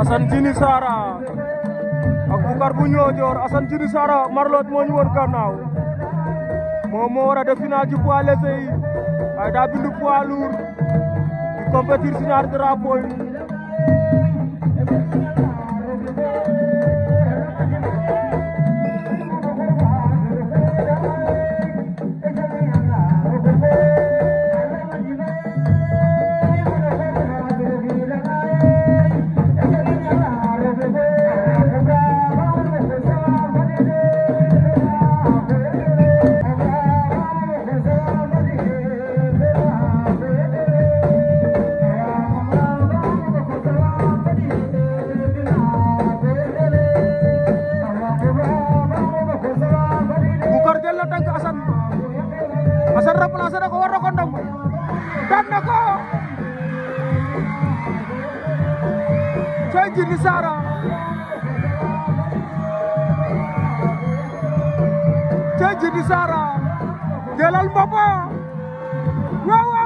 Assane Djily Sara ak Boucar bu Niodior Assane Djily Sara Marlot moo ñu woon gannaaw moo war a def final ci poids bindu poids lourd di compétir si ñaari drapeau yi Sène remplacé na ko war na ko ndomb daan na ko cey Djily Sara cey Djily Sara jëlal boppam